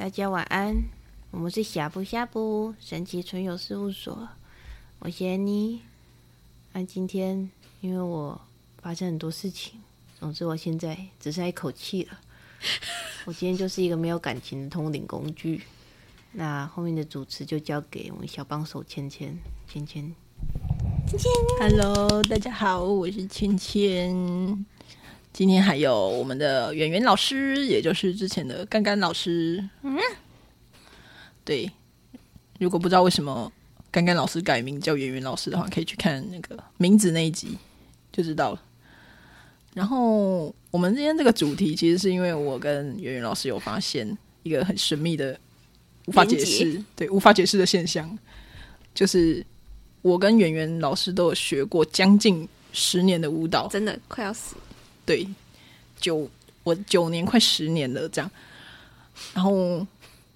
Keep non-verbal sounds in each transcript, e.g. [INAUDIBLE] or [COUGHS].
大家晚安，我們是 Shapu Shapu 神奇存有事務所，我是安妮。那、啊、今天因為我發生很多事情，總之我現在只剩一口氣了。我今天就是一個沒有感情的通靈工具。 [LAUGHS] 那後面的主持就交給我們小幫手芊芊，芊芊，芊芊。Hello，大家好，我是芊芊。今天還有我們的沅沅老師，也就是之前的芊芊老師。嗯，對。如果不知道為什麼芊芊老師改名叫沅沅老師的話，可以去看那個名字那一集，就知道了。然後我們今天這個主題，其實是因為我跟沅沅老師有發現一個很神秘的、無法解釋，紀對，無法解釋的現象。就是我跟沅沅老師都有學過將近十年的舞蹈，真的快要死。對，九我九年快十年了，這樣。然後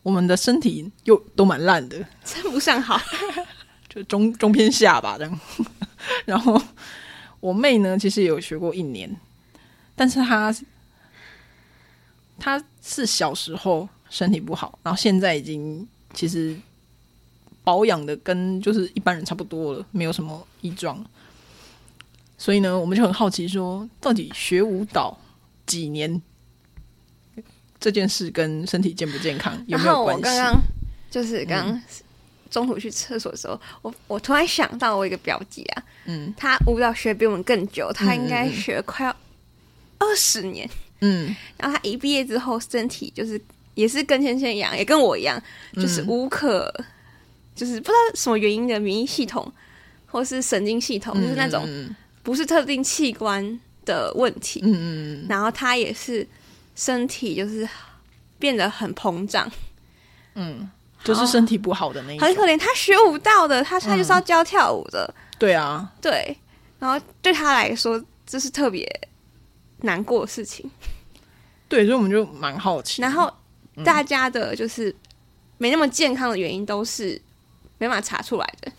我們的身體又都蠻爛的，稱不上好，就中中偏下吧，這樣。然後我妹呢，其實有學過一年，但是她她是小時候身體不好，然後現在已經其實保養的跟就是一般人差不多了，沒有什麼異狀。所以呢，我們就很好奇說，說到底學舞蹈幾年這件事跟身體健不健康有沒有關係？我剛剛就是剛剛中途去廁所的時候，嗯、我我突然想到我一個表姐啊，嗯，她舞蹈學比我們更久，她應該學快要二十年，嗯，然後她一畢業之後，身體就是也是跟芊芊一樣，也跟我一樣，就是無可、嗯、就是不知道什麼原因的免疫系統或是神經系統，嗯嗯就是那種。不是特定器官的問題，嗯嗯然後他也是身體就是變得很膨脹，嗯，就是身體不好的那好，很可憐。他學舞蹈的，他他就是要教跳舞的，嗯、對啊，對。然後對他來說，這是特別難過的事情。對，所以我們就蠻好奇。然後大家的就是沒那麼健康的原因，都是沒辦法查出來的。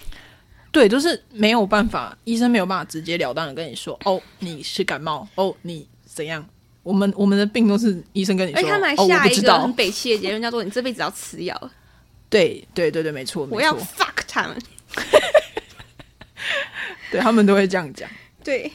對，就是沒有辦法，醫生沒有辦法直截了當的跟你說，哦，你是感冒，哦，你怎樣？我們我們的病都是醫生跟你說。哎，他們還下一個、哦、很北七的結論叫做，你這輩子要吃藥。對對對對，沒錯，沒錯，我要 fuck 他們。 [LAUGHS] 對他們都會這樣講。對。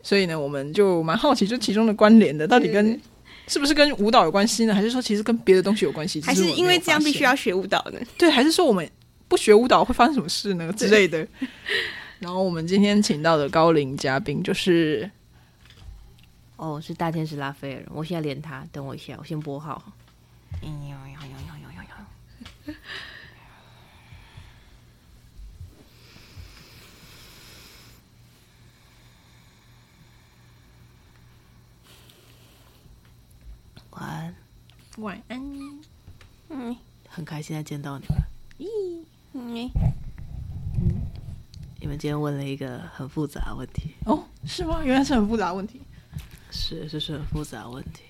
所以呢，我們就蠻好奇，就其中的關聯的，到底跟、嗯、是不是跟舞蹈有關係呢？還是說其實跟別的東西有關係？還是，是因為這樣必須要學舞蹈呢？對，還是說我們，不學舞蹈會發生什麼事呢之類的。 [LAUGHS] 然後我們今天請到的高靈嘉賓就是，哦，oh, 是大天使拉斐爾。我現在連他，等我一下，我先撥號。哎呦呦呦呦呦呦！晚安，晚安。嗯， [LAUGHS] 很開心再見到你。咦。 [LAUGHS] Mm hmm. 嗯，你們今天問了一個很複雜的問題哦，oh, 是嗎？原來是很複雜的問題，是，這是，是很複雜的問題。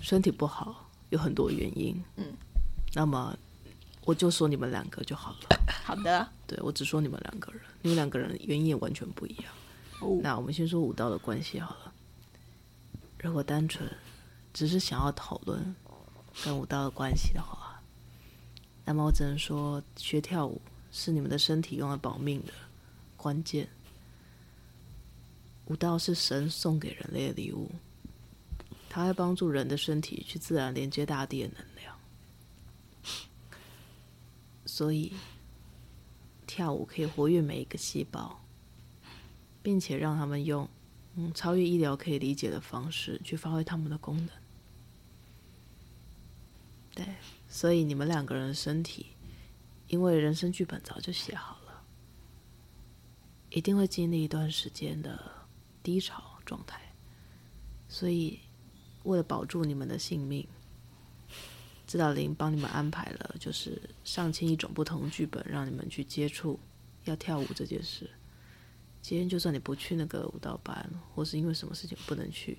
身體不好有很多原因，嗯、mm，hmm. 那麼我就說你們兩個就好了。 [LAUGHS] 好的，對，我只說你們兩個人，你們兩個人原因也完全不一樣。Oh. 那我們先說舞蹈的關係好了。如果單純只是想要討論跟舞蹈的關係的話。那麼我只能說，學跳舞是你們的身體用來保命的關鍵。舞蹈是神送給人類的禮物，它會幫助人的身體去自然連接大地的能量。所以，跳舞可以活躍每一個細胞，並且讓他們用嗯超越醫療可以理解的方式去發揮他們的功能。所以你們兩個人的身體，因為人生劇本早就寫好了，一定會經歷一段時間的低潮狀態。所以，為了保住你們的性命，指導靈幫你們安排了，就是上千億種不同劇本，讓你們去接觸要跳舞這件事。今天就算你不去那個舞蹈班，或是因為什麼事情不能去，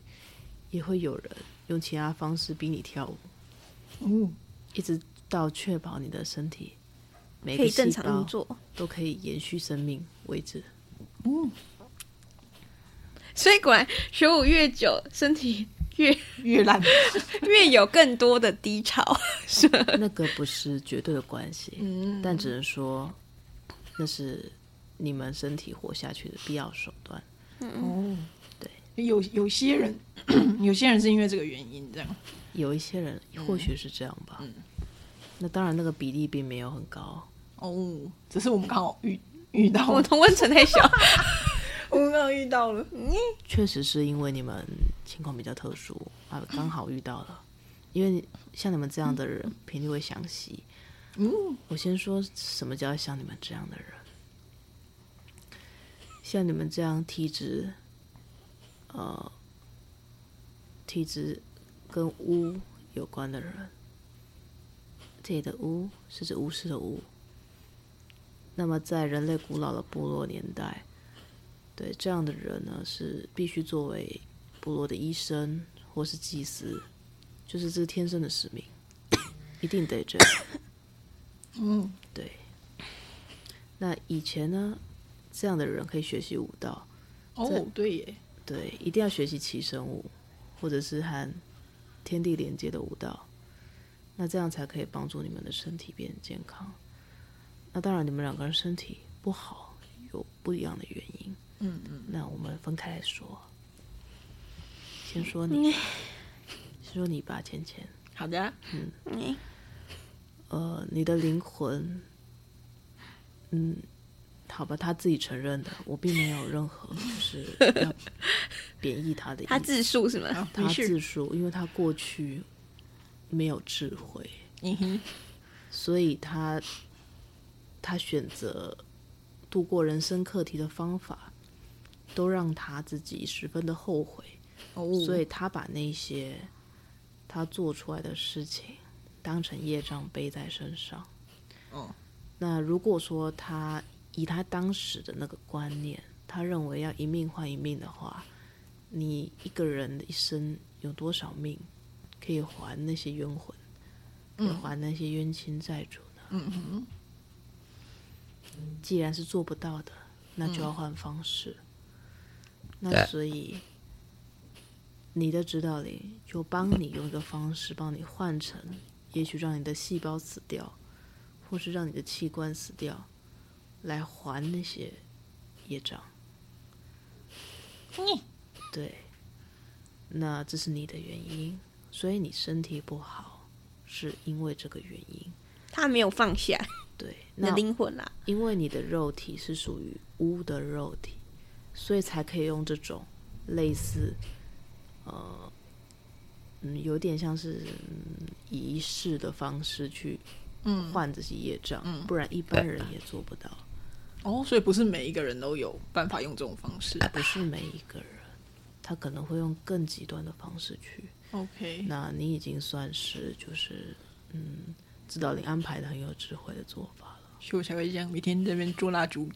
也會有人用其他方式逼你跳舞。嗯。一直到確保你的身體每個細胞，都可以延續生命為止。以嗯、所以果然學舞越久，身體越越爛， [LAUGHS] 越有更多的低潮。 [LAUGHS] 那個不是絕對的關係，嗯、但只能說那是你們身體活下去的必要手段。哦、嗯嗯，對，有有些人， [COUGHS] 有些人是因為這個原因這樣。有一些人，或許是這樣吧。嗯嗯、那當然，那個比例並沒有很高。哦，oh, 只是我們剛好遇遇到， [LAUGHS] [LAUGHS] 我們同溫層太小。我們剛好遇到了。確、嗯、實是因為你們情況比較特殊啊，剛好遇到了。嗯、因為像你們這樣的人，頻率會相吸。嗯，我先說什麼叫像你們這樣的人？嗯、像你們這樣體質，呃，體質。跟巫有關的人，這裡的巫是指巫師的巫。那麼，在人類古老的部落年代，對這樣的人呢，是必須作為部落的醫生或是祭司，就是這是天生的使命， [COUGHS] 一定得這樣。嗯， [COUGHS] 對。那以前呢，這樣的人可以學習舞蹈。哦，對耶，對，一定要學習祈神舞，或者是和天地連接的舞蹈，那這樣才可以幫助你們的身體變健康。那當然，你們兩個人身體不好有不一樣的原因。嗯嗯，嗯，那我們分開來說，先說你，嗯、先說你吧，芊芊。好的、啊，嗯，呃，你的靈魂，嗯。好吧，他自己承認的，我並沒有任何就是要貶義他的意思。 [LAUGHS] 他自述是嗎？他自述，因為他過去沒有智慧，嗯、哼所以他他選擇度過人生課題的方法，都讓他自己十分的後悔。哦、所以他把那些他做出來的事情當成業障背在身上。哦、那如果說他。以他當時的那個觀念，他認為要一命換一命的話，你一個人的一生有多少命，可以還那些冤魂，可以還那些冤親債主呢？嗯。既然是做不到的，那就要換方式。嗯。那所以，你的指導靈就幫你用一個方式幫你換成，也許讓你的細胞死掉，或是讓你的器官死掉。來還那些業障，你、嗯、對，那這是你的原因，所以你身體不好是因為這個原因。他沒有放下，對，那靈魂啦、啊，因為你的肉體是屬於污的肉體，所以才可以用這種類似，呃，嗯，有點像是儀式的方式去換這些業障，嗯、不然一般人也做不到。嗯嗯哦，所以不是每一個人都有辦法用這種方式，不是每一個人，他可能會用更極端的方式去。OK，那你已經算是就是嗯，知道你安排的很有智慧的做法了。所以我才會這樣。每天在那邊做蠟燭，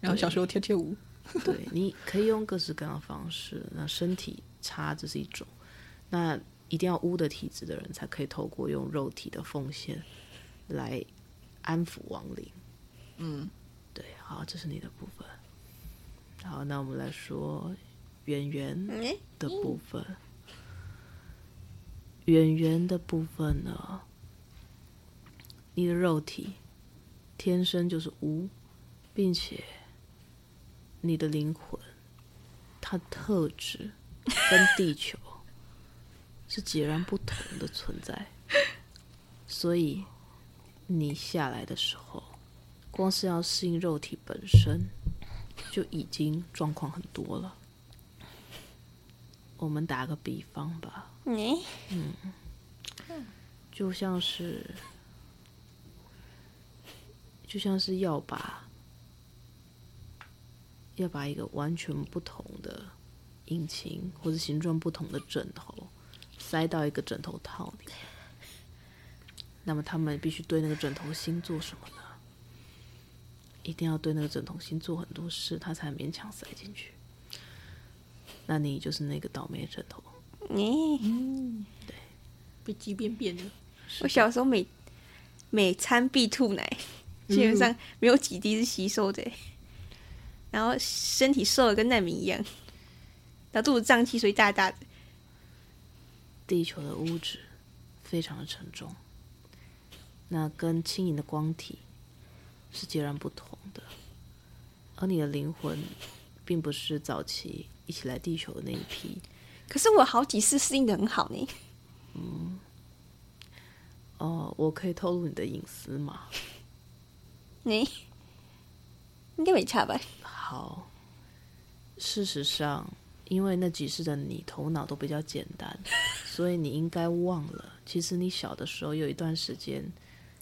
然後小時候跳跳舞，對， [LAUGHS] 對，你可以用各式各樣的方式。那身體差這是一種，那一定要污的體質的人才可以透過用肉體的奉獻來安撫亡靈。嗯。好，這是你的部分。好，那我們來說沅沅的部分。沅沅的部分呢？你的肉體天生就是無，並且你的靈魂，它特質跟地球是截然不同的存在。所以你下來的時候。光是要適應肉體本身，就已經狀況很多了。我們打個比方吧，你嗯，就像是，就像是要把要把一個完全不同的引擎或者形狀不同的枕頭塞到一個枕頭套裡面，那麼他們必須對那個枕頭芯做什麼呢？一定要對那個枕頭心做很多事，他才勉強塞進去。那你就是那個倒霉的枕頭，你、嗯、對被擠便便了。的我小時候每每餐必吐奶， [LAUGHS] 基本上沒有幾滴是吸收的，嗯、哼然後身體瘦的跟難民一樣，那肚子脹氣，所以大大的。地球的物質非常的沉重，那跟輕盈的光體。是截然不同的，而你的靈魂，並不是早期一起來地球的那一批。可是我好幾次適應得很好呢？嗯。哦，我可以透露你的隱私嗎？你、欸、應該沒差吧？好。事實上，因為那幾世的你頭腦都比較簡單，所以你應該忘了，其實你小的時候有一段時間。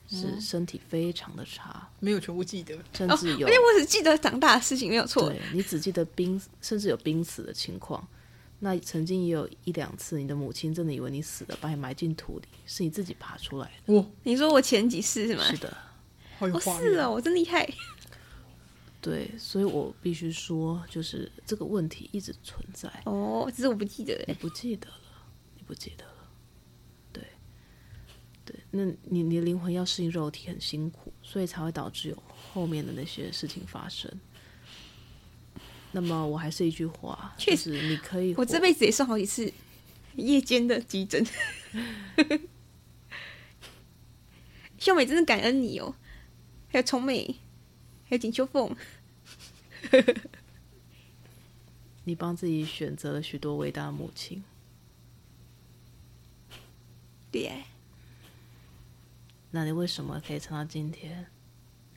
是身體非常的差，哦、沒有全部記得，甚至有。而且、哦、我只記得長大的事情，沒有錯。對，你只記得瀕，甚至有瀕死的情況。那曾經也有一兩次，你的母親真的以為你死了，把你埋進土裡，是你自己爬出來的。哦、你說我前幾世是嗎？是的，好有畫面、哦、是哦，我真厲害。 [LAUGHS] 對，所以我必須說，就是這個問題一直存在。哦，只是我不記得了。你不記得了？你不記得。對，那你你的靈魂要適應肉體很辛苦，所以才會導致有後面的那些事情發生。那麼我還是一句話，確就是你可以，我這輩子也算好幾次夜間的急診。 [LAUGHS] 秀美真的感恩你哦，還有聰美，還有錦秋鳳。 [LAUGHS] 你幫自己選擇了許多偉大的母親，對、啊。那你為什麼可以撐到今天？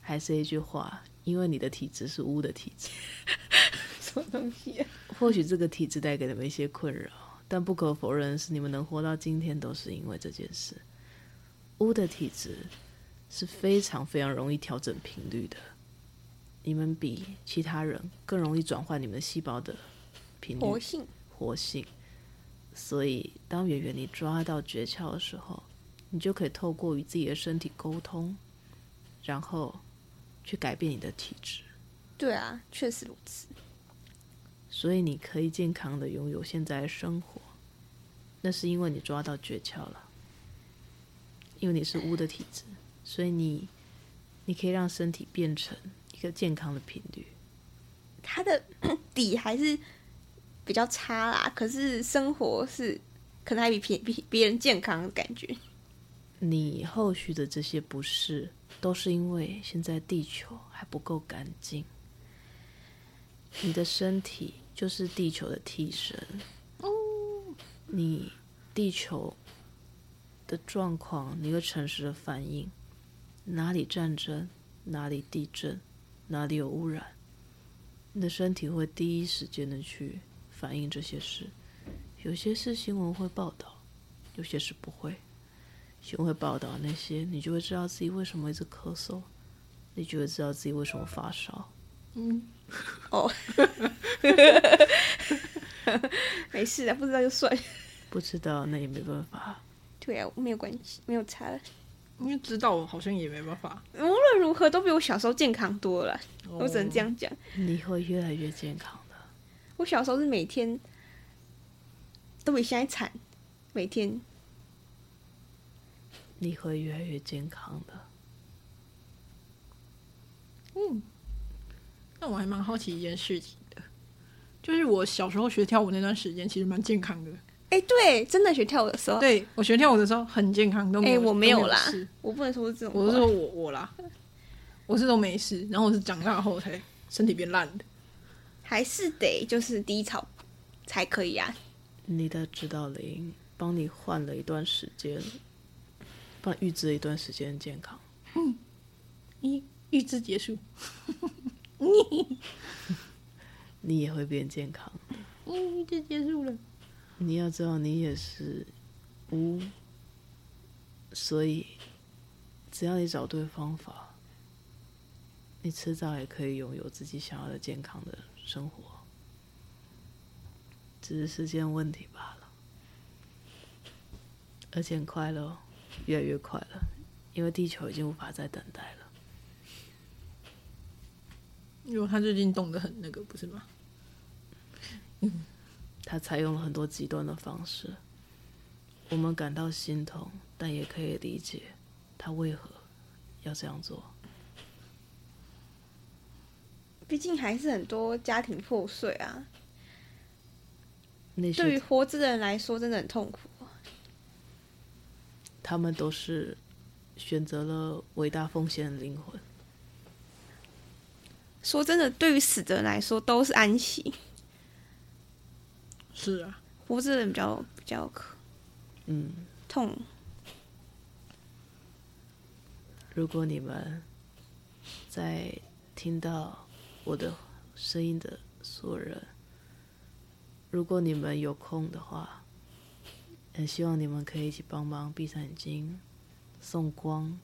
還是一句話，因為你的體質是污的體質， [LAUGHS] 什麼東西啊？或許這個體質帶給你們一些困擾，但不可否認是你們能活到今天，都是因為這件事。污的體質是非常非常容易調整頻率的，你們比其他人更容易轉換你們的細胞的頻率活性活性。所以，當沅沅你抓到訣竅的時候。你就可以透過與自己的身體溝通，然後去改變你的體質。對啊，確實如此。所以你可以健康地擁有現在的生活，那是因為你抓到訣竅了。因為你是巫的體質，唉所以你你可以讓身體變成一個健康的頻率。它的底還是比較差啦，可是生活是可能還比比別人健康的感覺。你後續的這些不適，都是因為現在地球還不夠乾淨。你的身體就是地球的替身哦。你地球的狀況，你會誠實的反應：哪裡戰爭，哪裡地震，哪裡有污染，你的身體會第一時間的去反應這些事。有些事新聞會報道，有些事不會。新聞會報道那些，你就會知道自己為什麼一直咳嗽，你就會知道自己為什麼發燒。嗯，哦， [LAUGHS] [LAUGHS] 沒事的，不知道就算。不知道那也沒辦法。對啊，沒有關係，沒有差。因為知道我好像也沒辦法。無論如何，都比我小時候健康多了。哦，我只能這樣講。你會越來越健康的。我小時候是每天都比現在慘，每天。你會越來越健康的。嗯，那我還蠻好奇一件事情的，就是我小時候學跳舞那段時間，其實蠻健康的。哎、欸，對，真的學跳舞的時候，對，我學跳舞的時候很健康，都沒有。哎、欸，我沒有啦，是我不能說這種，我是說我我啦，我是都沒事，然後我是長大後才身體變爛的，還是得就是低潮才可以啊。你的指導靈幫你換了一段時間。預知了一段時間健康，一預知結束，你你也會變健康，預知結束了。你要知道，你也是無，所以只要你找對方法，你遲早也可以擁有自己想要的健康的生活，只是時間問題罷了，而且很快嘍。越來越快了，因為地球已經無法再等待了。因為他最近動得很那個，不是嗎？嗯，他採用了很多極端的方式，我們感到心痛，但也可以理解他為何要這樣做。畢竟還是很多家庭破碎啊，那些對於活着的人來說，真的很痛苦。他們都是選擇了偉大奉獻的靈魂。說真的，對於死者來說都是安息。是啊，活着的人比較比較可，嗯，痛。如果你們在聽到我的聲音的所有人，如果你們有空的話，希望你們可以一起幫忙閉上眼睛，送光，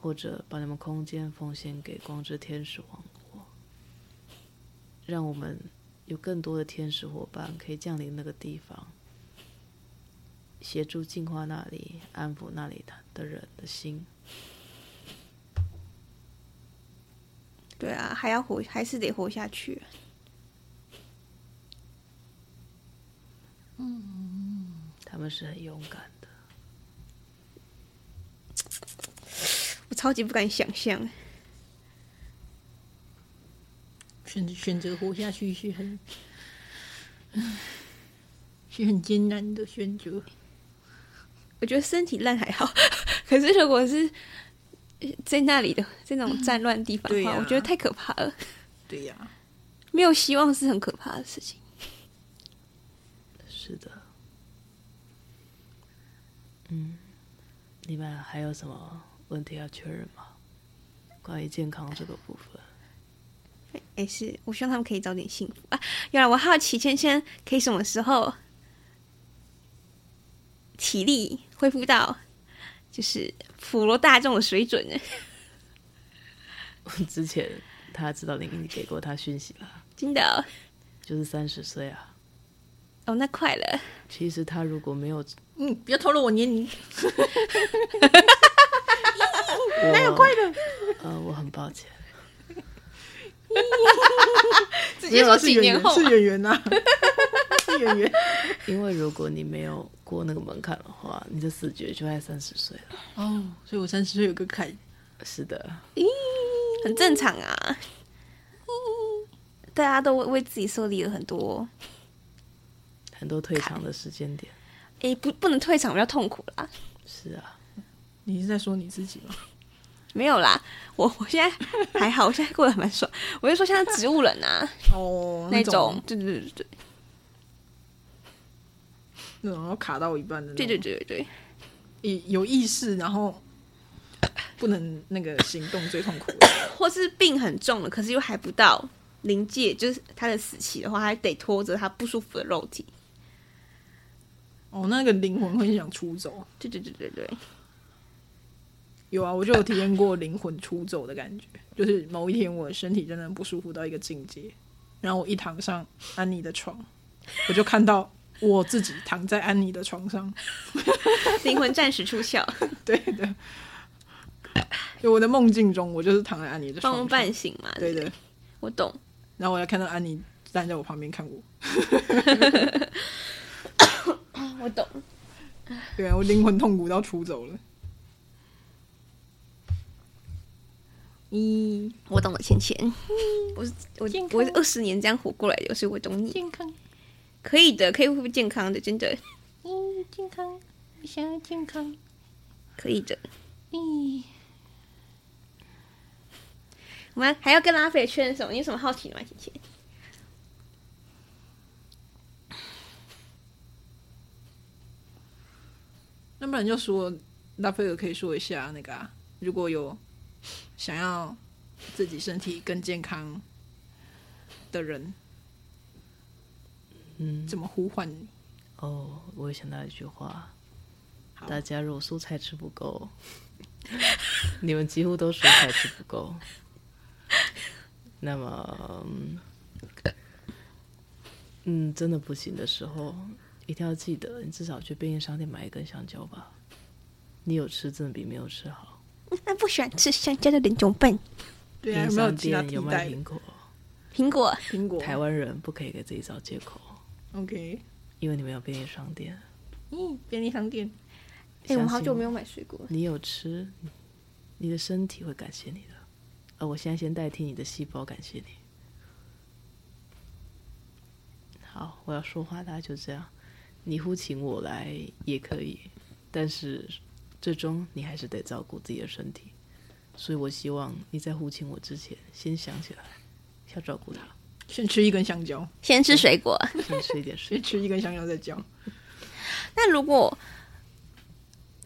或者把你們空間奉獻給光之天使王國，讓我們有更多的天使夥伴可以降臨那個地方，協助淨化那裡、安撫那裡的的人的心。對啊，還要活，還是得活下去。嗯。他們是很勇敢的，我超級不敢想象。選選擇活下去是很，是很艱難的選擇。我覺得身體爛還好，可是如果是在那裡的這種戰亂地方的話，嗯、對啊，我覺得太可怕了。對呀、啊，沒有希望是很可怕的事情。是的。嗯，你們還有什麼問題要確認嗎？關於健康這個部分，也、欸、是我希望他們可以早點幸福啊。原來我好奇芊芊可以什麼時候體力恢復到就是普羅大眾的水準呢？ [LAUGHS] 之前他知道你給你給過他訊息了，真的、哦，就是三十歲啊。哦，那快了。其實他如果沒有。嗯，不要透露我年齡。哪有怪的，呃，我很抱歉。直接說是演員，是演員吶。是演員。因為如果你沒有過那個門檻的話，你的視覺就在三十歲了。哦，所以我三十歲有個坎。是的。咦、欸，很正常啊。大家都為自己設立了很多，很多退場的時間點。哎、欸，不，不能退場，比較痛苦啦。是啊，你是在說你自己嗎？沒有啦，我我現在還好，我現在過得還蠻爽。 [LAUGHS] 我就說，現在植物人吶、啊，哦，那種、那種，對對對對，那種，然後卡到一半的，對對對對，有有意識，然後不能那個行動，最痛苦。 [COUGHS] 或是病很重了，可是又還不到臨界，就是他的死期的話，還得拖着他不舒服的肉體。哦，那個靈魂會想出走，對對對對對，有啊，我就有體驗過靈魂出走的感覺， [LAUGHS] 就是某一天我的身體真的不舒服到一個境界，然後我一躺上安妮的床， [LAUGHS] 我就看到我自己躺在安妮的床上，靈 [LAUGHS] 魂暫時出竅， [LAUGHS] 對的，就我的夢境中，我就是躺在安妮的床上。半夢半醒嘛， [LAUGHS] 對的，我懂，然後我看到安妮站在我旁邊，看我。 [LAUGHS] 我懂，對啊，我靈魂痛苦都要出走了。嗯， [LAUGHS] 我懂了，芊芊，嗯、我是我康我是二十年這樣活過來的，所以我懂你。健康，可以的，可以恢復健康的，真的。嗯，健康，我想要健康，可以的。嗯。我們還要跟拉斐確認什麼？你有什麼好奇的嗎，芊芊？那不然就說，拉斐爾可以說一下那個、啊，如果有想要自己身體更健康的人，嗯，怎麼呼喚？哦，oh, 我也想到一句話：好大家如果蔬菜吃不夠， [LAUGHS] [LAUGHS] 你們幾乎都蔬菜吃不夠。 [LAUGHS] 那麼，嗯，真的不行的時候。一定要記得，你至少去便利商店買一根香蕉吧。你有吃，真的比沒有吃好。那不喜歡吃香蕉的人就笨。對啊，便利商店有賣蘋果。蘋果，蘋果。台灣人不可以給自己找借口。OK。因為你沒有便利商店。嗯，便利商店。哎信、欸，我們好久沒有買水果。你有吃，你的身體會感謝你的。而、呃、我現在先代替你的細胞感謝你。好，我要說話，大家就這樣。你呼請我來也可以，但是最終你還是得照顧自己的身體，所以我希望你在呼請我之前先想起來要照顧他，先吃一根香蕉，先吃水果、嗯，先吃一點水果 [LAUGHS] 先吃一根香蕉再叫。 [LAUGHS] 那如果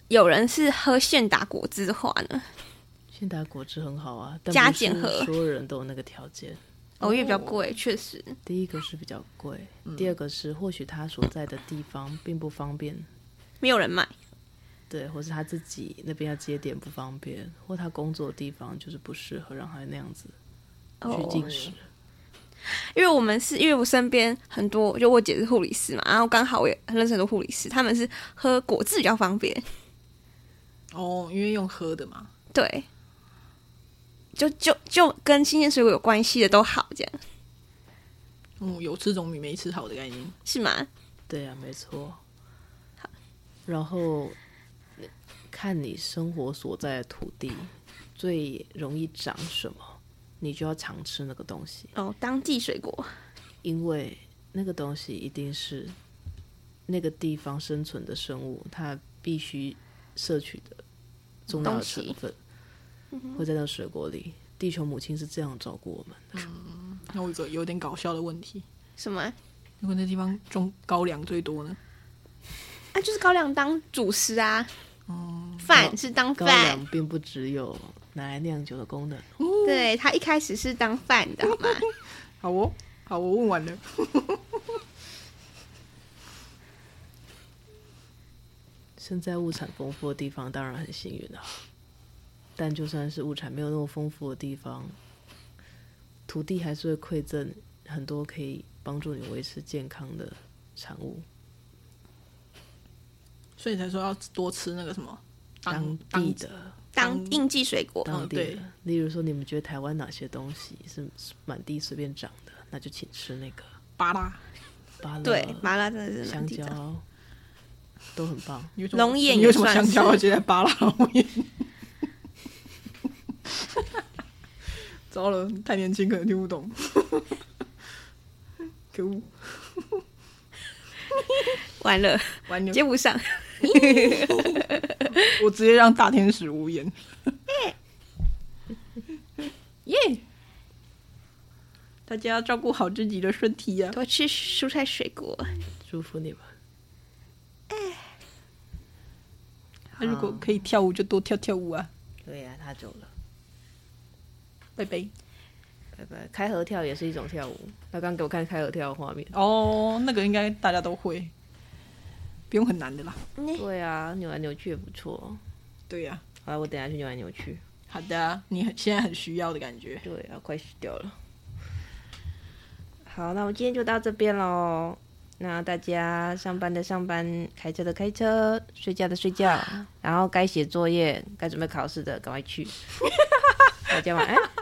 有人是喝現打果汁的話呢？現打果汁很好啊，加減喝，所有人都有那個條件。熬夜、oh, 比較貴，確、oh. 實。第一個是比較貴，嗯、第二個是或許他所在的地方並不方便，沒有人買，對，或是他自己那邊要接點不方便，或他工作的地方就是不適合讓他那樣子去進食。Oh. 因為我們是因為我身邊很多，就我姐是護理師嘛，然後剛好我也認識很多護理師，他們是喝果汁比較方便。哦，oh, 因為用喝的嘛。對。就就就跟新鮮水果有關係的都好這樣。嗯，有吃總比沒吃好的概念是嗎？對啊，沒錯。好然後看你生活所在的土地最容易長什麼，你就要常吃那個東西哦，當季水果，因為那個東西一定是那個地方生存的生物，它必須攝取的重要成分。會在那水果裡，地球母親是這樣照顧我們的。嗯、那我一個有點搞笑的問題，什麼？如果那地方種高粱最多呢？啊，就是高粱當主食啊，哦、嗯，飯是當飯，高粱並不只有拿來釀酒的功能。哦、對他一開始是當飯的好嗎 [LAUGHS] 好哦，好，我問完了。生 [LAUGHS] 在物產豐富的地方，當然很幸運啊。但就算是物產沒有那麼豐富的地方，土地還是會饋贈很多可以幫助你維持健康的產物，所以你才說要多吃那個什麼當，當地的當應季水果。當地的，嗯，對。例如說，你們覺得台灣哪些東西是滿地隨便長的，那就請吃那個芭樂、芭樂，芭樂對，麻辣真的是香蕉都很棒。有什種麼？龍眼？你有什麼香蕉？我覺得芭樂龍眼。糟了，太年輕可能聽不懂， [LAUGHS] 可惡惡， [LAUGHS] 完了，完了，接不上， [LAUGHS] 我直接讓大天使無言。 [LAUGHS] 耶，大家要照顧好自己的身體呀，啊，多吃蔬菜水果。祝福你們。哎，那如果可以跳舞，就多跳跳舞啊。對呀，啊，他走了。拜拜，拜拜！開合跳也是一種跳舞。他剛給我看開合跳的畫面哦，oh, 那個應該大家都會，不用很難的啦。你對啊，扭來扭去也不錯。對呀、啊，好，了，我等下去扭來扭去。好的，你很現在很需要的感覺。對要、啊、快死掉了。好，那我們今天就到這邊嘍。那大家上班的上班，開車的開車，睡覺的睡覺，啊、然後該寫作業、該準備考試的趕快去。 [LAUGHS] 大家晚安。 [LAUGHS]